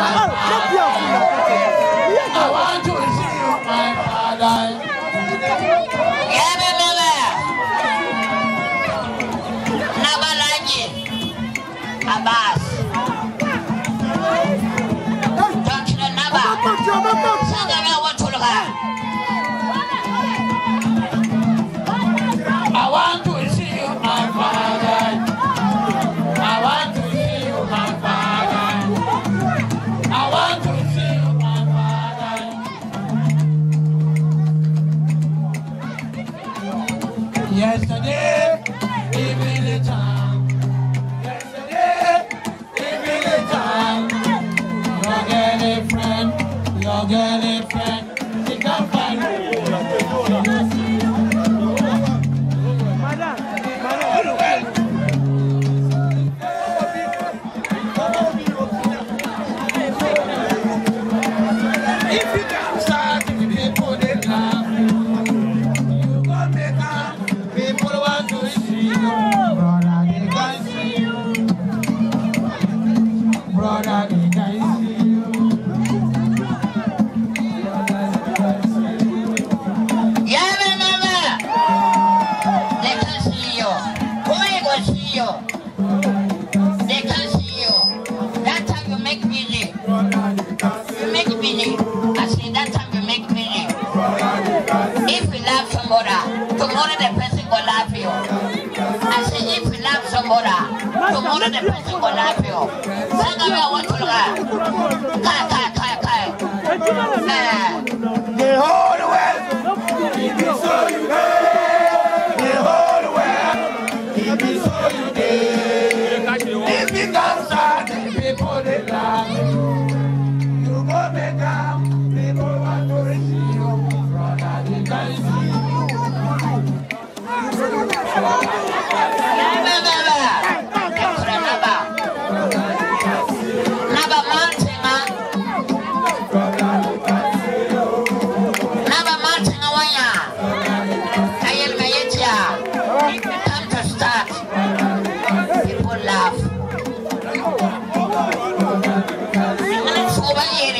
二。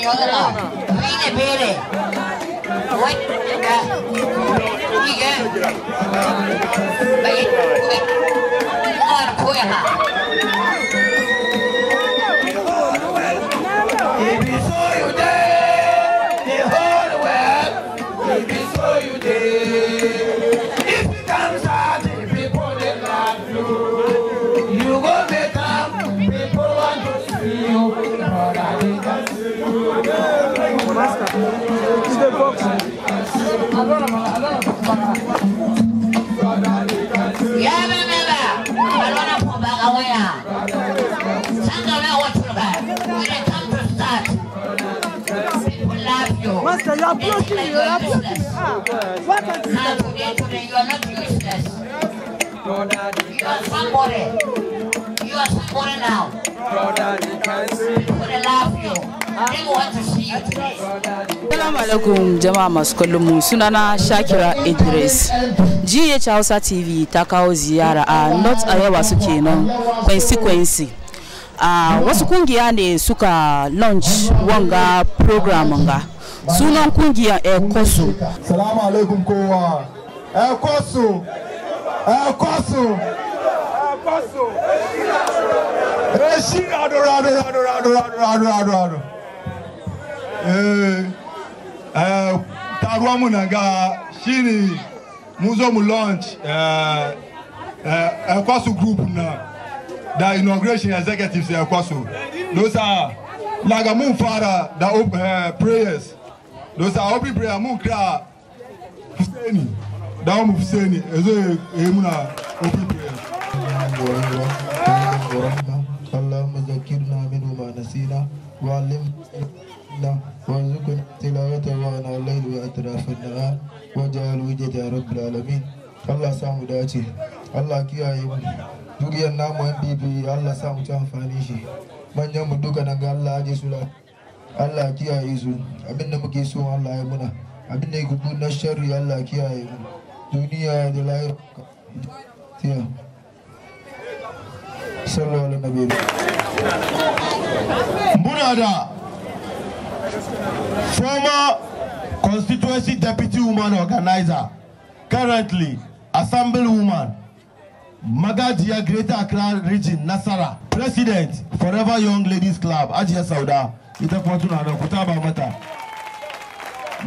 ရောသလားဖိနေဖေးတယ်ဝိုက်ကဒီကဲဘယ်ဘယ်အာခွေဟာ are blocking ah, ah, You are blocking me. Ah, jama'a masu kallon mu sunana Shakira Idris. GH Hausa TV ta kawo ziyara a North Arewa suke nan constituency. a ah, wasu kungiya ne suka launch wanga program ga. sunan kungiya ekosu eh, salamu alaikum kowa ekosu eh, ekosu eh, ekosu eshi adoro adoro adoro adoro adoro adoro adoro eh eh taruwa mu na ga shine mu zo launch ekosu group na da inauguration executives ekosu no sir laga mun fara da prayers Dosa obi awobin prayer mun kira Fuseni da mu Fuseni ezo e eh, na open prayer اللهم ذكرنا منه ما نسينا وعلمنا وارزقنا تلاوته وانا الليل واطراف النهار واجعل وجهك يا رب العالمين Allah sa mu dace Allah kiyaye mu duk yan namu yan bibi Allah sa mu ci amfani shi manyan mu duka nan Allah aje Allah kiyaye su da muke so Allah ya muna da ya gudu na sharri Allah kiyaye mu duniya da lahira tiya sallallahu alaihi nabi muna da former constituency deputy woman organizer currently assembly woman Magadia Greater Accra Region Nasara President Forever Young Ladies Club Ajia Sauda ita kuma tuna nan ku taba mata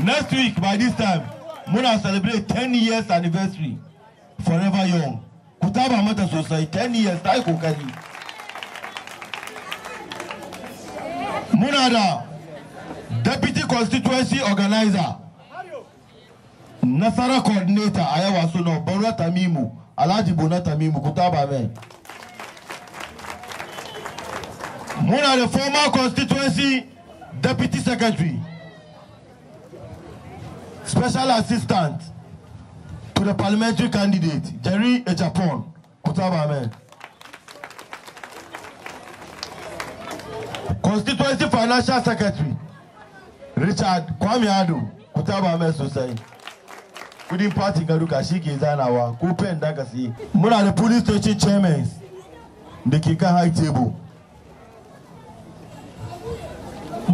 next week by this time muna celebrate 10 years anniversary forever young ku taba mata sosai 10 years ta yi kokari muna da deputy constituency organizer nasara coordinator a yawa suna borna tamimu alhaji bona tamimu ku ba mai muna da former constituency deputy secretary special assistant to the parliamentary candidate jerry ejapon kutaba ahmed constituency financial secretary richard kwame ado kutaba ahmed sosai kudin party garuka shi ke zanawa ko pen da ka muna da police station chairman the ke high table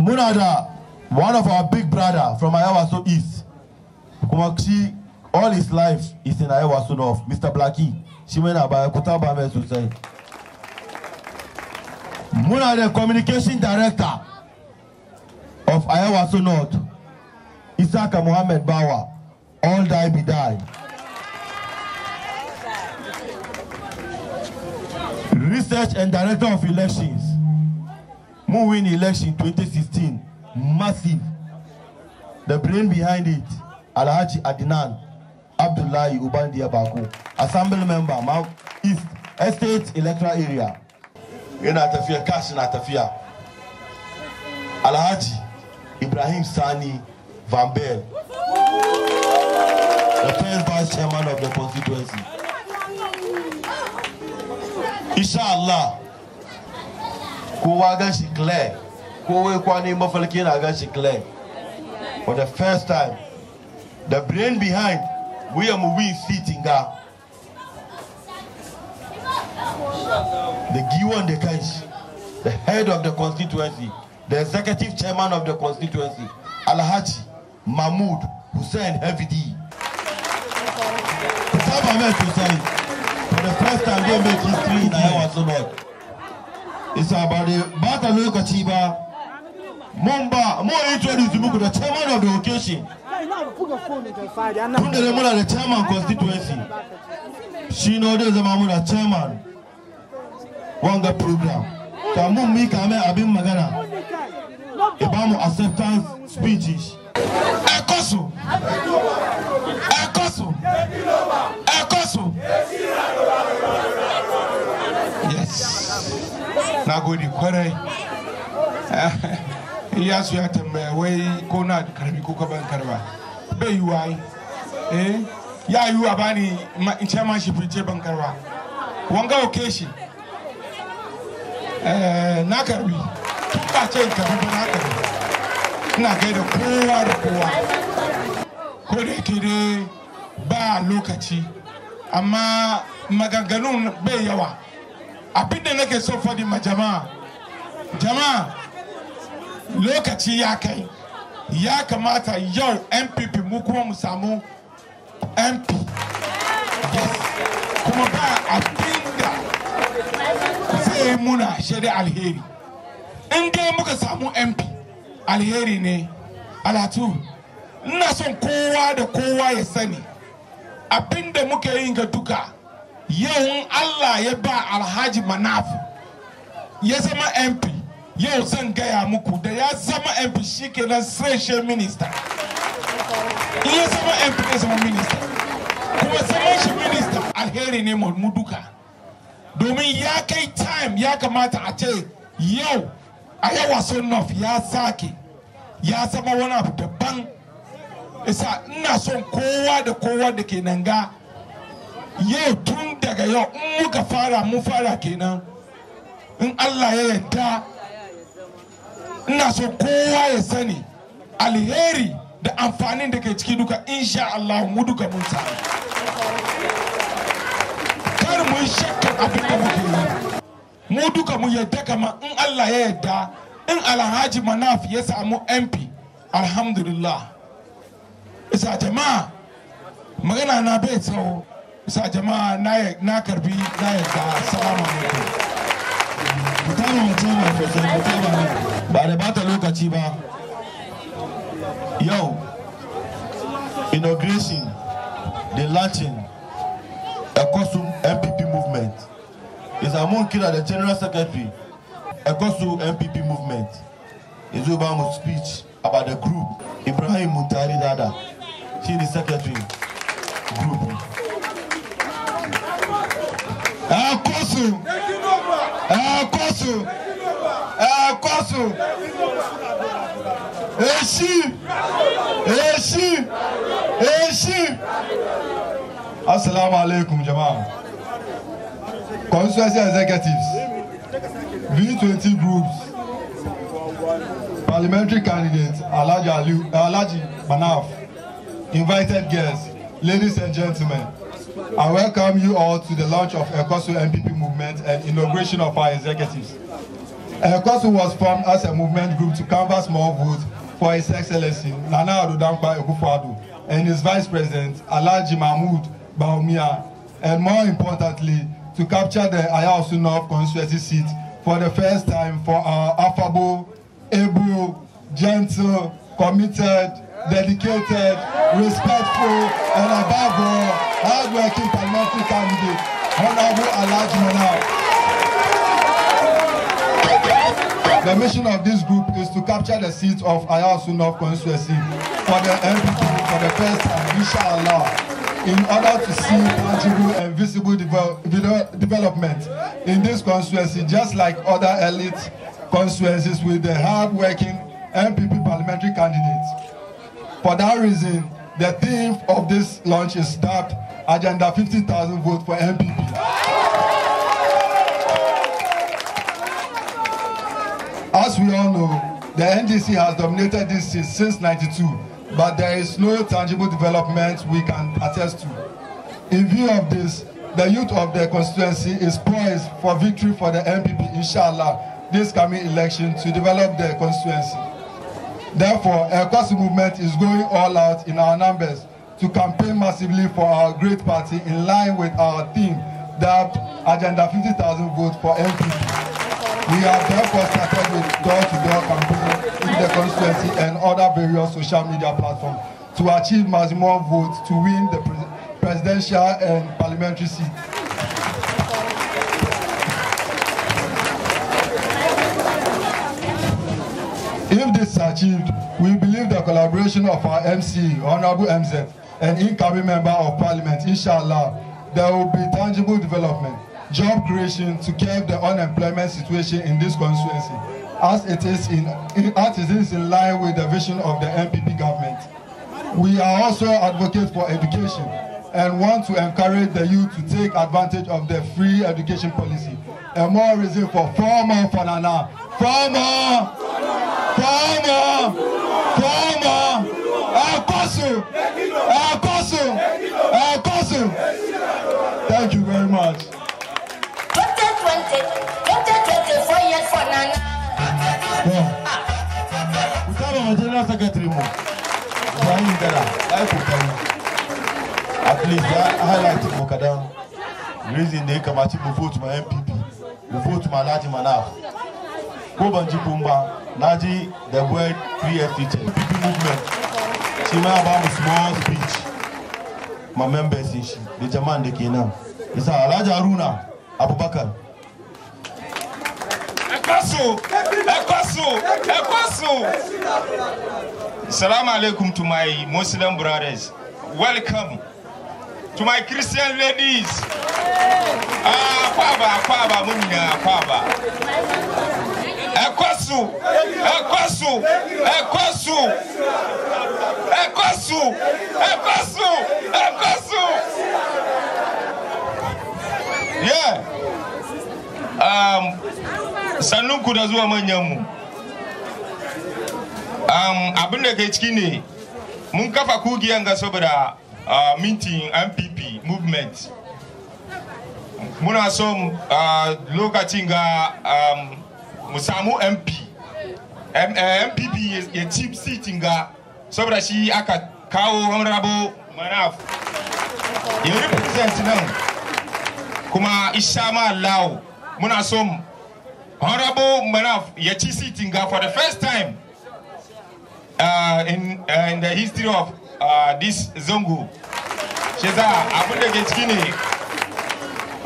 Munada, one of our big brother from Ayawaso East kuma shi all his life is in Ayawaso North Mr. Blackie shi mai na baya ku taba mai communication director of Ayawaso North Isaka Muhammad Bawa all die be die research and director of elections Mo win election 2016, massive. The brain behind it, Alhaji Adnan Abdullahi Ubandi Bako, assembly member, Mount East Estate electoral area. In atafia cash in atafia. Alhaji Ibrahim Sani Van Bell, the first vice chairman of the constituency. Inshallah for the first time the brain behind we are moving sitting there. the giwan the kanshi the head of the constituency the executive chairman of the constituency alhaji mahmood hussein hevidi for the first time they make history in ayawa so much isa ba da ba ta lokaci ba mun ba mu introduce muku da chairman of the occasion tun da dai muna da chairman constituency shi na wajen zama muna chairman wanga program ta mun mika mai abin magana ya ba mu acceptance speeches ekosu na gode kwarai eh, iyasu ya tambaya wai ko na karbi ko ban karba bai yi wayi eh ya yi wa bani in ce ma shi fice ban karba wanga oke shi eh, na karbi tun ba ce in karbi ba na karbi ina gaida kowa da kowa ko da yake dai ba lokaci amma maganganun bai yawa abin da nake so faɗi ma jama'a jama'a lokaci ya kai ya kamata yau mpp mu kuma mu samu mp kuma ba abin da zai muna shari alheri in dai muka samu mp alheri ne alatu ina son kowa da kowa ya sani abin da muka yi ga duka yau Allah ya ba alhaji manaf ya zama mp yau zan gaya muku da ya zama mp shikenan sai minista in ya zama mp ya zama minista kuma zama shi minista alheri ne mu duka domin ya kai time ya kamata a ce yau a yawa son ya sake ya zama wani abu daban isa ina son kowa da kowa da ke nan ga yau tun daga yau in muka fara mun fara kenan in allah ya yanta ina so kowa ya sani alheri da amfanin da ke ciki duka insha allah mu duka mun samu kar mun shakka abin da muke yi mu duka mu yarda kama in allah ya yarda in alhaji manaf ya samu mp alhamdulillah isa jama'a magana na bai tsawo sa jama'a na karbi na yadda salamu alaikum mutane mutum mai fesin mutane ba da bata lokaci ba yau inauguration the launching ekosu npp movement is among kira the general secretary ekosu npp movement yanzu ba speech about the group ibrahim muntari dada shi ne secretary group ẹ̀kọ́sù ẹ̀kọ́sù ẹ̀kọ́sù èṣì èṣì èṣì. asalaamu aleykum jama'a constituency executives v twenty groups parliamentary candidate alhaji alhaji manaf invited guests ladies and gentlemen. I welcome you all to the launch of ECOSU MPP movement and inauguration of our executives. ECOSU was formed as a movement group to canvass more votes for His Excellency Nana Addo Dankwa and his Vice President Alaji Mahmoud Bawumia, and more importantly, to capture the Ayahuasca North constituency seat for the first time for our affable, able, gentle, committed, dedicated, respectful, and above all, hardworking parliamentary candidate, Honorable Alaj Manal. The mission of this group is to capture the seat of Ayasu North constituency for the MPP for the first time, inshallah in order to see tangible and visible devel development in this constituency, just like other elite constituencies with the hard-working MPP parliamentary candidates. For that reason, the theme of this launch is dubbed Agenda 50,000 Vote for MPP. As we all know, the NDC has dominated this seat since 92, but there is no tangible development we can attest to. In view of this, the youth of the constituency is poised for victory for the MPP, inshallah, this coming election to develop the constituency. Therefore, ECOWAS movement is going all out in our numbers to campaign massively for our great party in line with our theme that Agenda 50,000 votes for MPP. We have therefore started with door-to-door -door campaign in the constituency and other various social media platforms to achieve maximum votes to win the presidential and parliamentary seats. If this is achieved, we believe the collaboration of our MC, Honorable MZ, and incoming member of parliament, inshallah, there will be tangible development, job creation to curb the unemployment situation in this constituency, as it is in, as it is in line with the vision of the MPP government. We are also advocates for education and want to encourage the youth to take advantage of the free education policy. A more reason for formal Fanana former, former, former, Apostle, Apostle, Apostle. Thank you very much. Doctor 20, Doctor 24 years for Nana. Yeah. We come on General Secretary more. Why you together. Why you tell you. At least I highlight Mokadam. Reason they come at you vote my MPP. vote my large man now. Kobanji Pumba, Naji, the word 3FT, people movement. She may have a small speech. My members in the German de Kena. It's Alaja Aruna, Abubakar. Ekaso, Ekaso, Ekaso. Salam alaikum to my Muslim brothers. Welcome to my Christian ladies. Ah, Kwaba, Kwaba, Mumina, Kwaba. Ekosu, Ekosu, Ekosu, Ekosu, Ekosu, Ekosu. Yeah. Um, sannan da zuwa manyanmu. Um, abin da ke ciki ne mun kafa kugiyan ga saboda uh, mintin MPP movement. Muna son uh, lokacin ga um, mu samu mp mpp eh, ya ci seatin ga saboda shi aka kawo honorable manaf ya represent nan kuma isha ma allahu muna so honorable manaf ya ci seatin ga for the first time uh, in, uh, in the history of uh, this zango shi za abin da ke ciki ne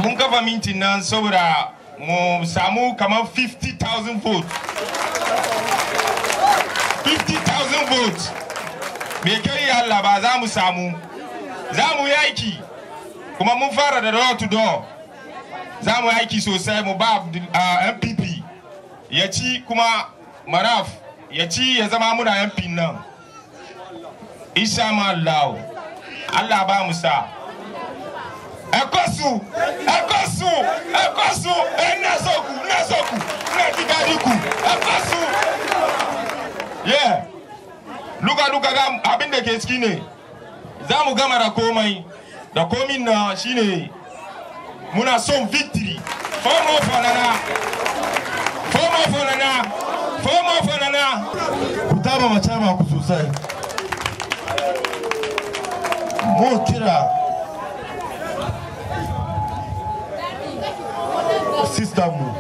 mun kafa mintin nan saboda mu samu kamar 50,000 votes 50,000 votes mai kai Allah ba za mu samu za mu yaki kuma mun fara da door to door za mu yaki sosai mu ba mpp ya ci kuma maraf ya ci ya zama muna mp nan isha ma Allah Allah ba mu sa ekosu ekosu ekosu enazoku nazoku nadigadiku ekosu ye luka luka ga abin da ke ciki ne za mu gama da komai da komin na shine muna son victory fomo fonana fomo fonana fomo fonana ku taba mace ku sosai mu kira mu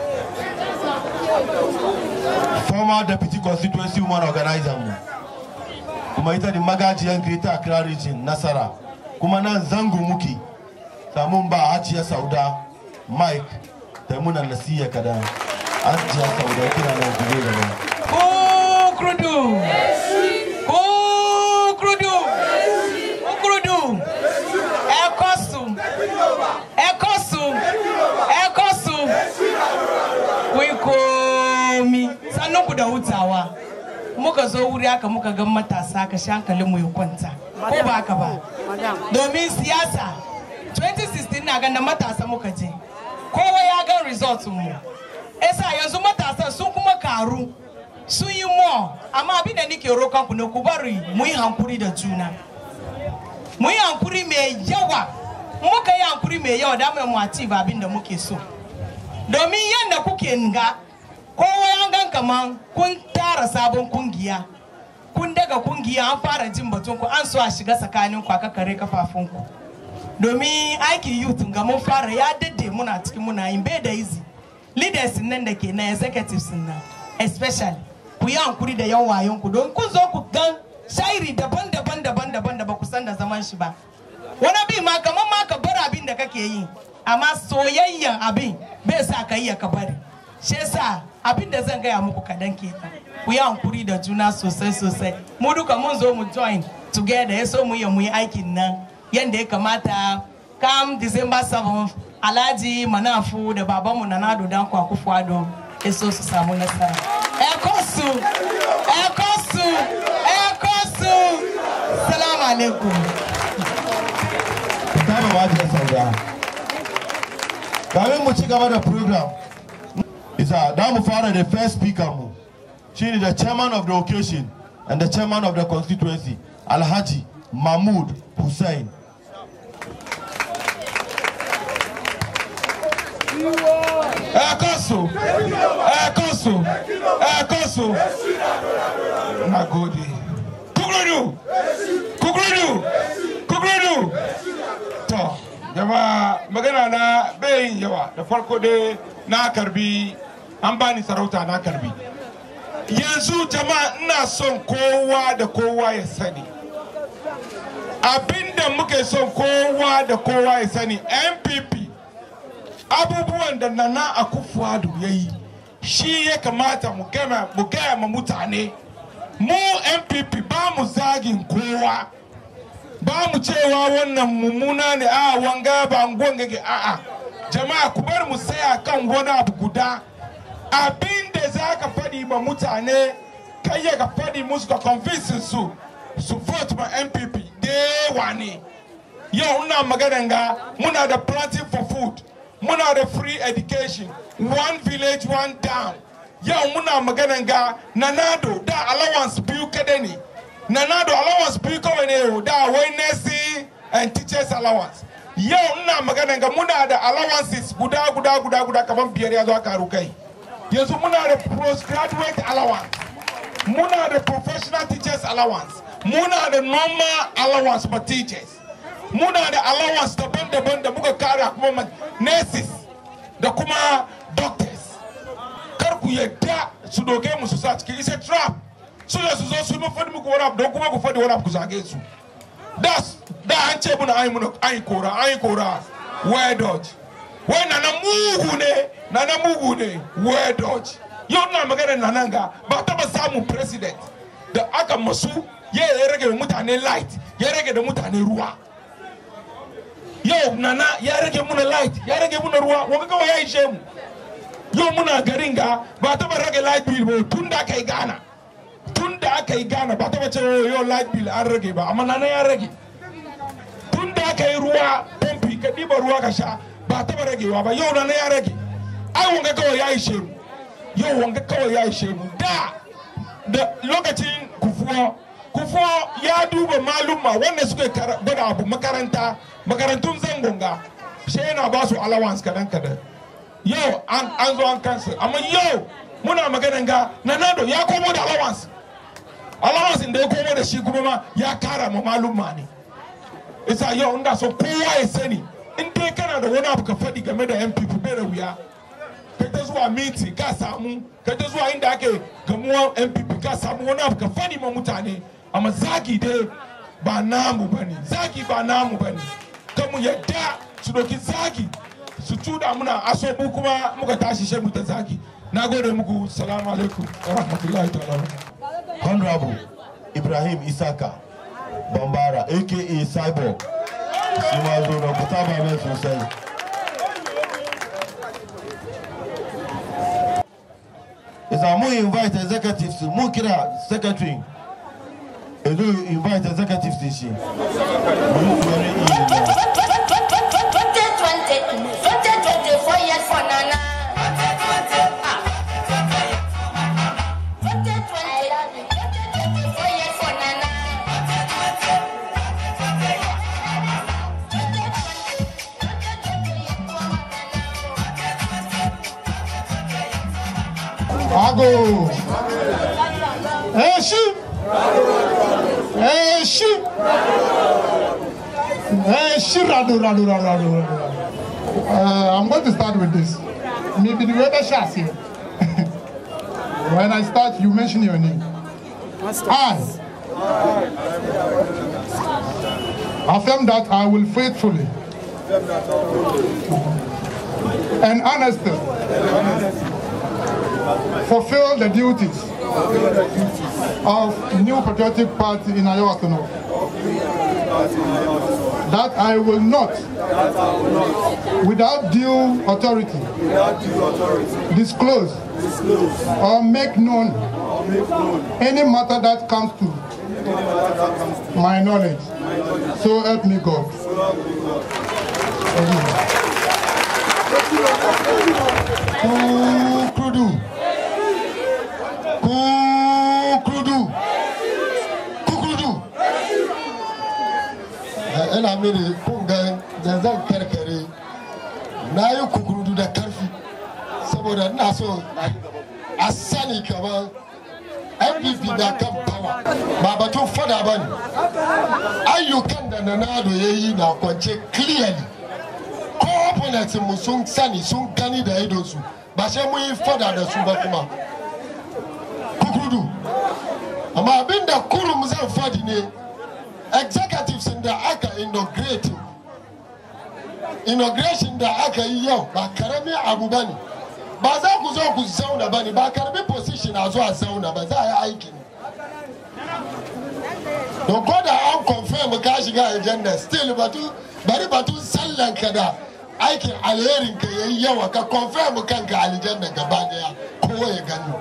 former deputy constituency woman organizer mu kuma ita ne magajiyan greater accra region nasara kuma nan zango muke samun ba hajiya sauda mike taimunan nasiya kadan hajiya sauda kira nan kudu gaba ko kudu da hutawa muka zo wuri haka muka ga matasa ka sha mu ya kwanta ko ba ka ba domin siyasa 2016 na ganin matasa muka je kowa ya gan result mu esa yanzu matasa sun kuma karu sun yi mo amma abin da nike rokan ku ne ku bari mu yi hankuri da juna mu yi hankuri mai yawa muka yi hankuri mai yawa da mu ci ba abin da muke so domin yanda kuke nga kowa ya ga kaman kun tara sabon kungiya kun daga kungiya an fara jin batun ku an so a shiga tsakanin ku a kafafun ku domin aikin youth ga mun fara ya dade muna cikin muna yin bai da izi leaders nan da ke na executives nan especially ku yi hankuri da yan wayon ku don kun zo ku gan shairi daban-daban daban-daban da ba ku san da zaman shi ba wani bi ma kamar ma ka bar abin da kake yi amma soyayyan abin bai sa ka yi ka bari shi yasa abin da zan gaya muku kadan ke ku yi hankuri da juna sosai sosai mu duka mun zo mu join together ya so mu yi mu yi aikin nan yadda ya kamata kam december 7 alhaji manafu da babanmu na nado dan kwaku fado ya so su samu nasara ekosu ekosu ekosu salamu alaikum kamar mu ci gaba da program isa da mu fara da first speaker mu shine the chairman of the occasion and the chairman of the constituency alhaji mahmud hussein Ekosu! Ekosu! Ekosu! Nagode. Kukurudu! Kukurudu! Kukurudu! To, jama'a magana na bai yawa da farko de na karbi an bani sarauta na karbi yanzu jama'a ina son kowa da kowa ya sani abinda muke son kowa da kowa ya sani npp abubuwan da nana kufuwadu ya yi shi ya kamata mu gama gaya ma mutane mu npp ba mu zagin kowa ba mu cewa wannan mummuna ne a wanga ba a a'a jama'a ku bar mu saya kan wani abu guda abin da za ka faɗi ma mutane kayya ka faɗi musu ka convince su su vote ma npp dewa wani. yau ina maganin ga muna da planting for food muna da free education one village one town yau muna maganin ga nanado da allowance biyu kada ne nanado allowance biyu kawai ne da wai nurse and teachers allowance yau ina maganin ga muna da allowances guda guda guda guda kaman biyar ya zo aka kai yanzu muna da postgraduate allowance muna da professional teachers allowance muna da normal allowance for teachers muna da allowance daban-daban da muka kara kuma nurses da kuma doctors kar ku yadda su doge musu su sa cikin isa trap su da su zo su mu fadi muku wani abu don kuma ku fadi wani abu ku zage su da an ce muna ayi kora ayi kora where dodge wai nana mugu ne nana mugu ne we dodge yau na magana nana ga ba taba samu president da aka masu ya rage da mutane light ya rage da ne ruwa y'o nana ya rage muna light ya rage muna ruwa wani kawai ya ishe mu yau muna garin ga ba taba rege light bill ba tun da aka yi gana tun da gana ba taba cewa yau light bill an rage ba amma nana ya rege, Tunda da ruwa pompi ka ruwa ka sha ba taba ragewa ba yau na ya rage ai wanga kawai ya ishe mu yau wanga kawai ya ishe mu da da lokacin kufuwa kufuwa ya duba malumma wanda suka gwada abu makaranta makarantun zangonga shi yana ba su allowance kadan kadan yau an zo an kansu amma yau muna maganan ga nanado ya komo da allowance allowance da ya komo da shi kuma ya kara ma malumma ne isa yau inda so kowa ya sani in dai kana da wani abu ka faɗi game da npp bai da wuya ka ta zuwa minti ka samu ka ta zuwa inda ake gamuwa npp ka samu wani abu ka faɗi ma mutane amma zagi dai ba namu ba ne zagi ba namu ba ne Ka mu yadda su doki zagi su tuda muna aso mu kuma muka tashi shemu ta zagi na gode muku salamu alaikum wa rahmatullahi ta'ala honorable ibrahim isaka bambara aka cyborg shi ma zo da ku saba mai sosai isa mu invite executives mu kira secretary edu invite executives shi mu Rago. Eshi. Eshi. Eshi Rado Radu, radu, radu, Uh, I'm going to start with this. Maybe the weather shas here. When I start, you mention your name. I affirm that I will faithfully and honestly fulfill the duties of New Patriotic Party in Ayawatano. That I will not, without due authority, disclose or make known any matter that comes to my knowledge. So help me God. Thank you. yana mini kunga ga zanzan karkare na yi kukurudu da karfi saboda n'a so a sani kamar mpp na kan fawa ba batun fada ba ne ayyukan da na nado ya yi na kwance clearly opponents mu sun sani sun gani da idonsu ba sai mun yi fada da su ba kuma kukurudu amma abinda kurum zan fadi ne executives da aka inaugurate inauguration da aka yi yau ba karamin abu ba ne ba za ku zo ku zauna ba ne ba karamin position a zuwa zauna ba za a yi aiki ne to ko da an confirm ka shiga agenda still batu bari batun sallan ka da aikin alherin ka yayi yawa ka confirm kanka aljanna gaba daya ko ya gani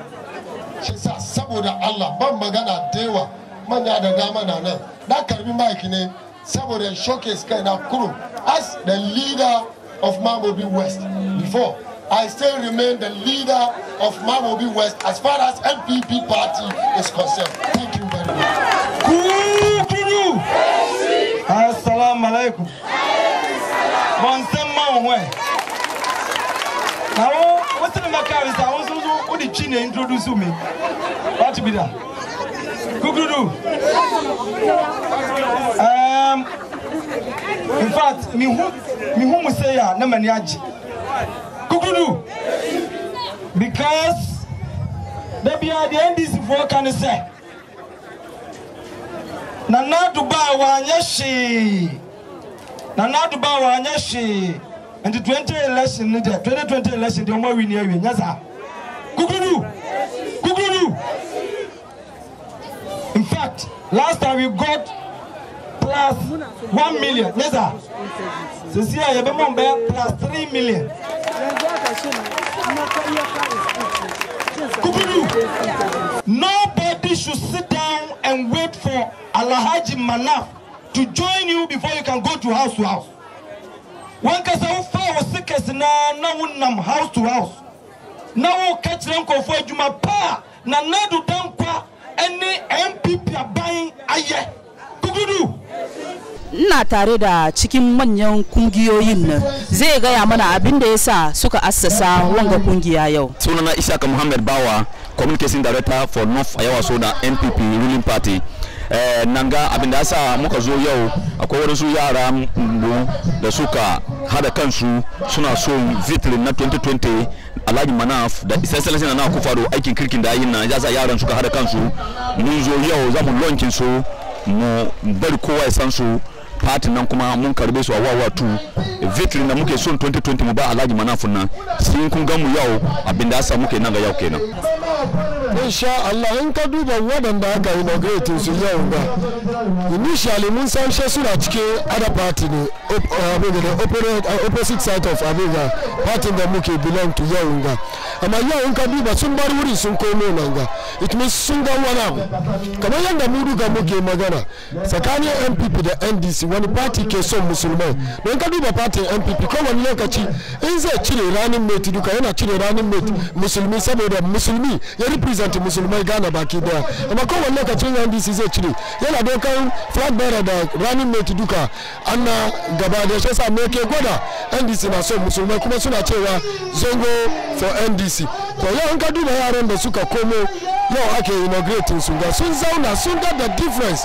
shi sa saboda Allah ban magana da yawa manya da dama na nan na karbi mike ne saboda showcase kai na kuro as the leader of mamobi west before i still remain the leader of mamobi west as far as npp party is concerned thank you very much kuru assalamu alaikum ban san man wɛ awo wosi ni ma kaa mi sa awo soso o de ci ne introduce mi wati bi da. Kukudu. Um, in fact, me who me who must say ya na mani aji. Because baby at the end is for can say. Nana Dubai wanya she. Nana Dubai wanya she. And the 20 election, the 2020 election, the more we near we. Yes, sir. Kukudu. fact, last time we got plus one million. Nessa, this year you remember plus three million. nobody should sit down and wait for Alahaji Manaf to join you before you can go to house to house. One kasa wofa wo sikes na na wonam house to house. Now wo catch ranko fo adwuma pa na nadu dankwa ɛne npp aban ayɛ dugudu ina tare da cikin manyan kungiyoyin nan zai gaya mana abin da ya sa suka assasa wanga kungiya yau sunana isaka muhammad bawa communication director for north ayawaso da npp ruling party Eh, nan ga abin da sa muka zo yau akwai wadansu yara da suka hada kansu suna so victory na 2020 alhaji manaf da isasalasi na na do aikin kirkin da yin nan ya sa yaran suka hada kansu mun zo yau za mu lonkin su mu bari kowa ya san su fatin nan kuma mun karbe su a wawa tu victory na muke son 2020 mu ba alhaji manafun nan sun kun gan mu yau abin da ya sa muke nan ga yau kenan insha Allah in ka duba waɗanda aka yi inaugurating su yau ba initially mun san she suna cikin other party ne uh, abin da uh, opposite side of abin party da muke belong to yau ga amma yau in ka duba sun bar wuri sun komo nan ga it means sun ga wani abu kamar yadda mu duka muke magana tsakanin npp da ndc wani party ke son musulmai don ka duba party npp kowane lokaci in zai cire ranin meti duka yana cire ranin meti musulmi saboda musulmi ya represent musulmai gana baki daya amma kowane lokacin ndc zai cire yana dokan flag bearer da ranin meti duka an na gaba da shi sa me ke gwada ndc na son musulmai kuma suna cewa zongo for ndc apc to yau in ka duba yaran da suka komo yau ake inaugurating sun ga sun zauna sun ga the difference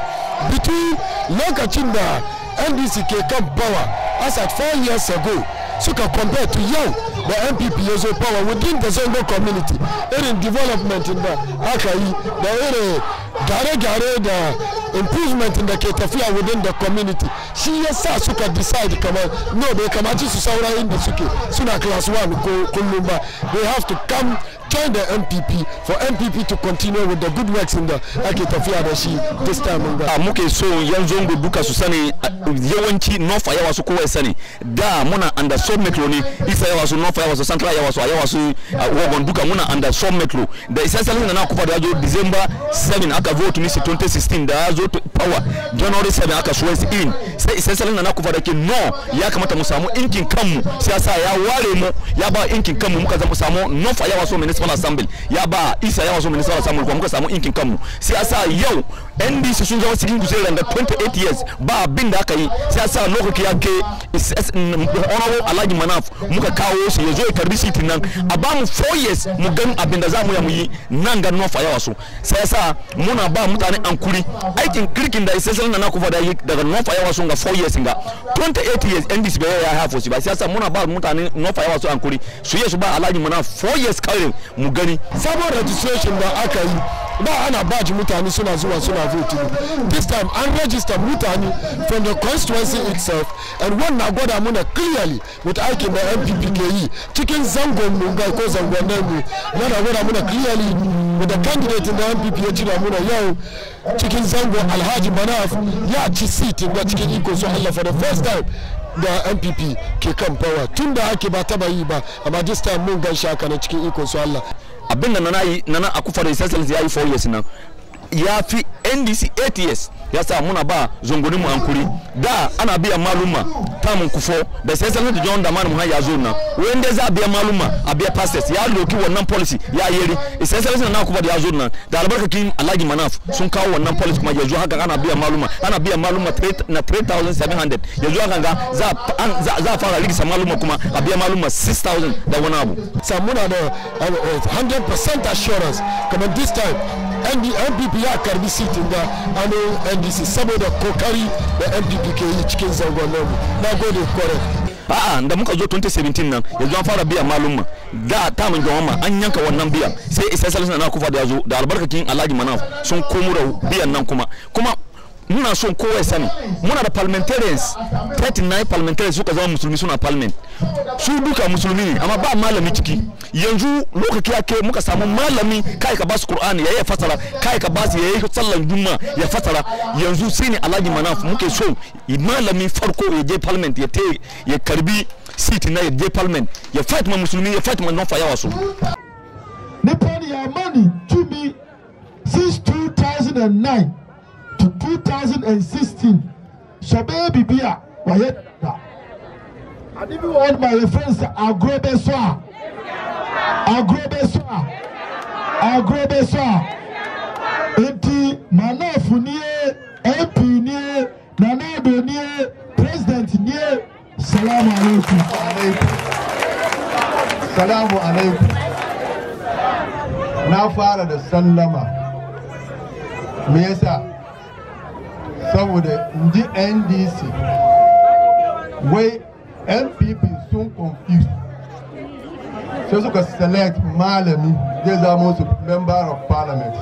between lokacin da ndc ke kan bawa as at four years ago suka compare to yau da npp ya zo power within the zongo community irin development da aka yi da irin gyare-gyare da improvement da ke tafiya within the community shi ya sa suka decide kamar no bai kamaci su saurayin da suke suna class 1 kullum ba they have to come join the MPP for MPP to continue with the good works in the ake tafiya da shi this time in a ah, muke so yanzu ngu duka su sani ah, yawanci nofa yawa su kowai sani da muna under sub metro ne isa yawa su nofa yawa su central yawa su yawa su ah, wagon duka muna under sub metro da isa salin na kufa da yajo December 7 aka vote ni 2016 da zo power January 7 aka swear in sai isa salin na kufa da ke no ya kamata mu samu inkin kanmu siyasa ya ware mu ya ba inkin kanmu muka zama samu nofa yawa su municipal assembly ya ba isa yawa zo municipal assembly kuma mko samu inkin kamu siyasa yau ndc sun zama cikin gusai ranga 28 years ba abin da aka yi sai sa lokaci ya ke honorable alhaji manaf muka kawo shi ya zo ya karbi shi nan a ba mu 4 years mu gan abin da za mu yi nan ga nufa yawa su sai sa muna ba mutane kuri aikin kirkin da isa sanar na kufa da yi daga nufa yawa su ga 4 years ga 28 years ndc bai ya hafo shi ba sai sa muna ba mutane nufa yawa su kuri su yi su ba alhaji manaf 4 years kawai mu gani sabon registration da aka yi ba ana baji mutane suna zuwa suna ne this time an register mutane from the constituency itself and na gwada muna clearly with aikin da npp ke yi cikin zangon mungai ko zangon mu na gwada muna clearly with the candidate da npp e ya cira muna yau cikin zangon alhaji manaf ya ci seat da cikin iko so allah for the first time da npp e ke kan power tun da ake ba taba yi ba amma this time mun gan shaka na cikin ikon su allah abin nana nana akufa da sassan ya yi 4 years na ya fi ndc 8 years yasa muna ba zunguni mu ankuri da ana biya maluma tamun kufo da sai sai da jonda man mu ya zo na wanda za biya maluma abiya biya pastors ya loki wannan policy ya yeri sai e sai na kuma da ya zo na da albarkakin alhaji manaf sun kawo wannan policy kuma yanzu haka ana biya maluma ana biya maluma na 3700 yanzu haka ga za a fara rigisa maluma kuma abiya maluma 6000 da wani abu samuna da 100% uh, uh, assurance kuma this time npp ah, ah, ya karbi sitin da hannun ndc saboda kokari da npp ke yi cikin zangon namu na gode kwarai a'a da muka zo 2017 nan yanzu an fara biyan malumma da ta mun gawan ma an yanka wannan biyan sai isa salisu na kufa da yazo da albarkakin alhaji manaf sun komo da biyan nan kuma kuma muna son kowa ya sani muna da parliamentarians 39 parliamentarians suka zama musulmi suna parliament su duka musulmi ne amma ba malami ciki yanzu lokaci ya ke muka samu malami kai ka basu qur'ani yayi fasara kai ka basu yayi sallan juma ya fasara yanzu sai ne alhaji manaf muke so malami farko ya je parliament ya te ya karbi seat na ya je parliament ya fight ma musulmi ya fight ma non fayawa su ya mani to be since 2009 to 2016 so baby wa wayetta And even all my friends agro bẹ sọ a agro bẹ sọ a agro bẹ sọ a nti manaf nie mp nie nanado nie president nie salamu alaikum. salamu alaikum na fara da sallama me yasa saboda ndi ndc wai npp sun confuse sai suka select malami zai zama su member of parliament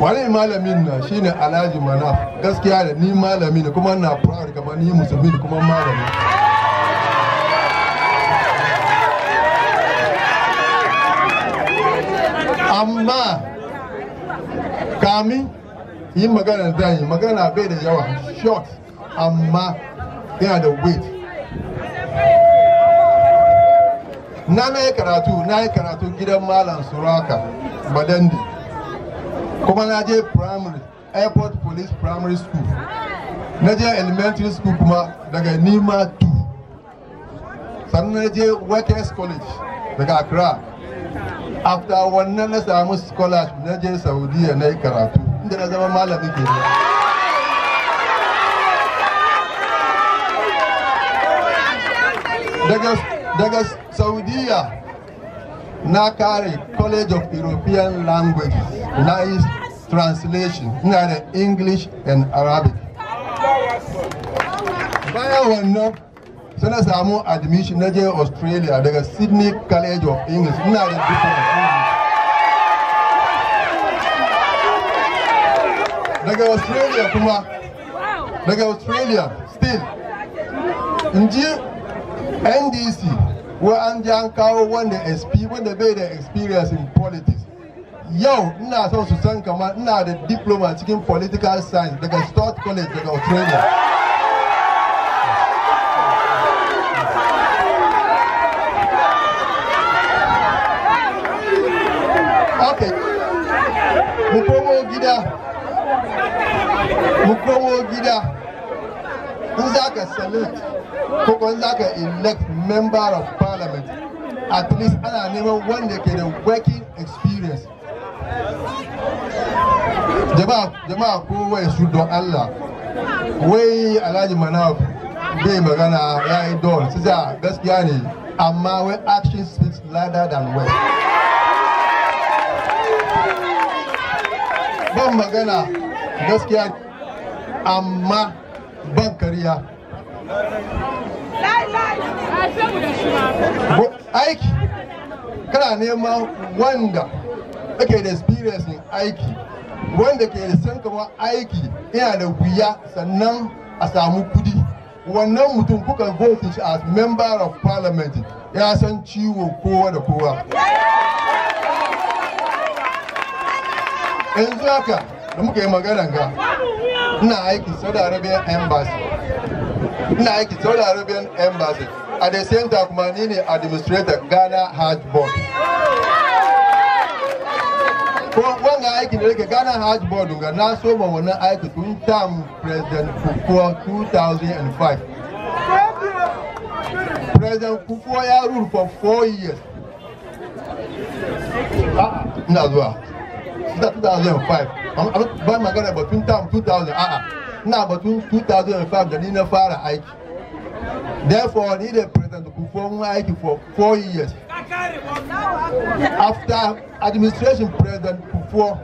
wani malamin na shine alhaji mana gaskiya da ni malami ne kuma na proud kamar ni musulmi kuma malami amma kamin yi magana da yi magana bai da yawa short amma yana da weight na mai karatu na yi karatu gidan malam suraka badandi kuma na je primary airport police primary school na je elementary school kuma daga nima 2 sannan na je workers college daga accra after wannan na samu scholarship na je saudiya na yi karatu inda na zama ke daga daga saudiya na kare college of european languages na is translation na da english and arabic bayan wannan sai na samu admission na je australia daga sydney college of english na da diploma daga australia kuma daga australia still in ndc wa an ji an kawo wanda bai da experience in politics yau ina son su san kama ina da diploma cikin political science daga stuart College daga Australia. Mu komo gida. Mu komo gida. In za ka salute ko kuma za ka elect member of parliament at least ana neman wanda ke da working experience jama'a wai su don Allah wai alhaji manaf bai magana ya yi don su gaskiya ne amma wai action speaks louder than words ban magana gaskiya amma ban kariya aiki kana neman wanda ake da experience ne aiki wanda ke da san kama aiki yana da wuya sannan a samu kudi wannan mutum kuka vote shi as member of parliament ya san ciwo kowa da kowa yanzu haka da muka yi magana ga ina aiki saudi arabia embassy ina aiki Saudi Arabian Embassy. At the same time kuma ni ne administrator Ghana Hajj Board. Ko wannan aikin da nake Ghana Hajj Board ga na soma wannan aiki tun tam President Kufuor 2005. President Kufuor ya rule for four years. Ina zuwa. 2005. Ban magana ba tun tam 2000 Ah ina batun 2005 da ni na fara aiki therefore ni da president perform aiki for four years after administration president kufo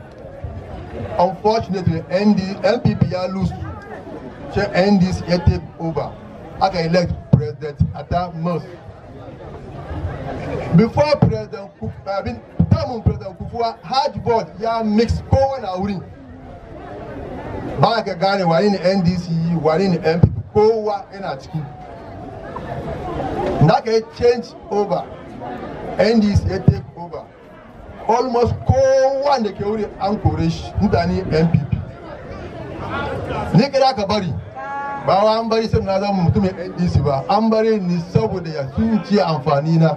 unfortunately ND, npp ya lose sai ndc ya take over can elect president at that musk before president kufo abin tamun president kufuwa hard board ya mixed power a wurin ba ka gane wani ne ndc wani ne mpp kowa yana ciki na ka yi change over ndc ya take over almost kowa da ke wuri an kore shi mutane mpp ni kira ka bari ba wa an bari sai na zama mutumin ndc ba an bari ni saboda ya sun ci amfani na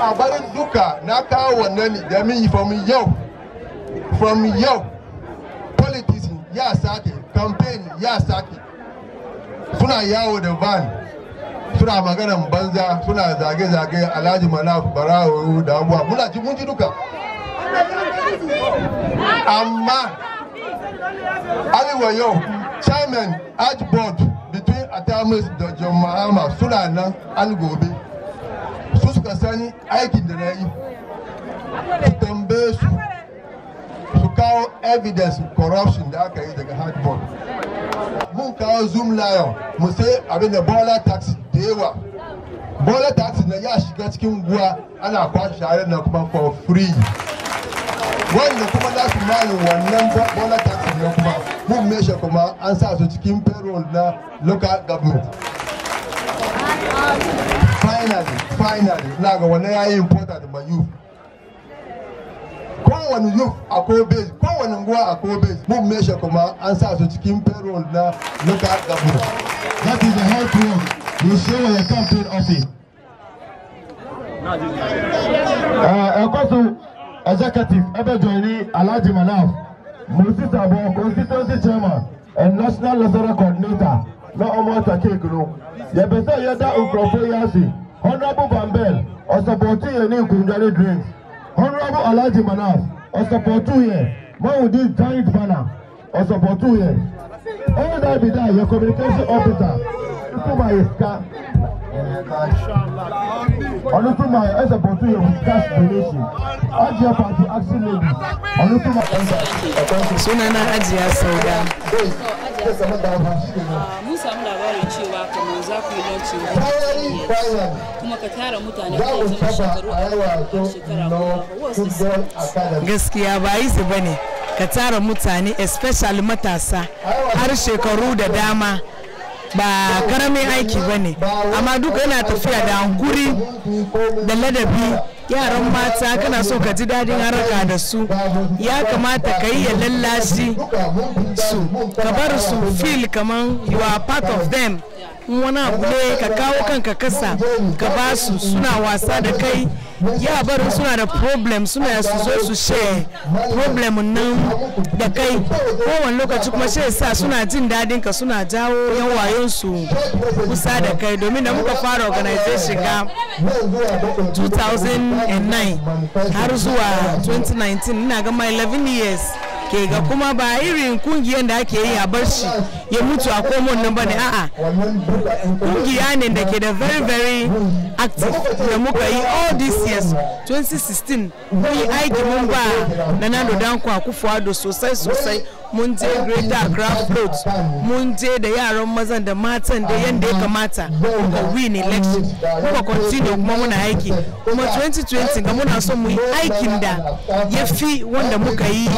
a duka na kawo wannan ne domin from yau from yo politics ya sake campaign ya sake suna yawo da van, suna maganan banza suna zage-zage alhaji manaf barawo da abuwa muna ji mun ji duka amma arewa yau chairman arch board between atamis da john mahama suna nan algobe ta san aikin da na yi su tambaye su su kawo evidence corruption da aka yi daga hardball mun kawo zoom lion mu sai abin da bola taxi da yawa bola taxi na ya shiga cikin guwa ana kwashe sharar na kuma for free wanda kuma za su mani wannan bola taxi na kuma mun meshe kuma an sa su cikin payroll na local government finally finally na ga wannan yayi important ma youth kowane youth akwai base kowane unguwa akwai base mun meshe kuma an sa su cikin payroll na the government that is the health work you show your campaign office ẹkọsùn eh, executive ẹbẹjọ ni alhaji manaf musisa bọ constituency chairman and national lecturer coordinator na ɔmo atake kuro yɛpɛ sɛ yɛda nkurɔfoɔ yi ase honourable van bell ɔsɔpɔtu yɛ ne nkundware drinks honourable alhaji manas ɔsɔpɔtu yɛ mawudi giant banner ɔsɔpɔtu yɛ ɔmo da bi da yɛ communication officer ɔtuma yɛ sika ɔnutuma yɛ ɛsɔpɔtu yɛ with cash donation ajiya party action lady ɔnutuma yɛ ɛsɔpɔtu yɛ. sunana ajiya sawuda. Ah, mun samu labarin cewa kamar za yi gaskiya ba yi su bane ka tara mutane especially matasa har shekaru da dama ba karamin aiki bane amma duk yana tafiya da hankuri da ladabi yaran mata kana so ka ji dadin haraka da su ya kamata ka yi lallashi su ka bar su feel kaman you are part of them wani abu ne ka kawo kanka kasa ka ba su suna wasa da kai ya barin suna da problem suna su zo su share problem nan da kai kowane lokaci kuma shi sa suna jin dadin ka suna jawo yan wayonsu kusa da kai domin da muka fara organization ga 2009 har zuwa 2019 ina gama 11 years ke ga kuma ba irin kungiyar da ake yi a barci ya mutu a komon nan bane a'a kungiya ne da ke da very very active da muka yi all these years 2016 mun yi aiki mun ba na nando danko a kufuwa sosai sosai mun je greater craft road mun je da yaran mazan da matan da yadda ya kamata muka win election muka continue kuma muna aiki kuma 2020 ga muna son mu yi aikin da ya fi wanda muka yi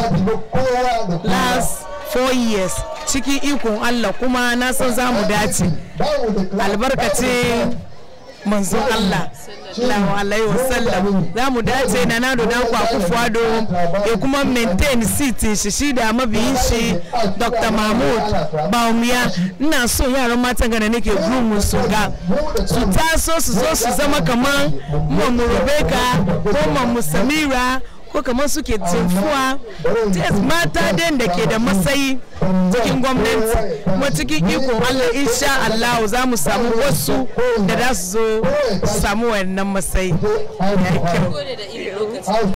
last four years cikin ikon Allah kuma na san za mu dace albarkacin manzon Allah sallallahu alaihi wasallam za mu dace na nado dan kwakufuwa do ya kuma maintain seat shi da mabiyin shi dr mahmud baumia ina so yaran matan gana nake groom su ga su taso su zo su zama kaman mamu rebecca ko mamu samira ko kamar suke jinfuwa mata den da ke da matsayi cikin gwamnati kuma cikin ikon allah insha allahu za mu samu wasu da za su zo samu wannan matsayi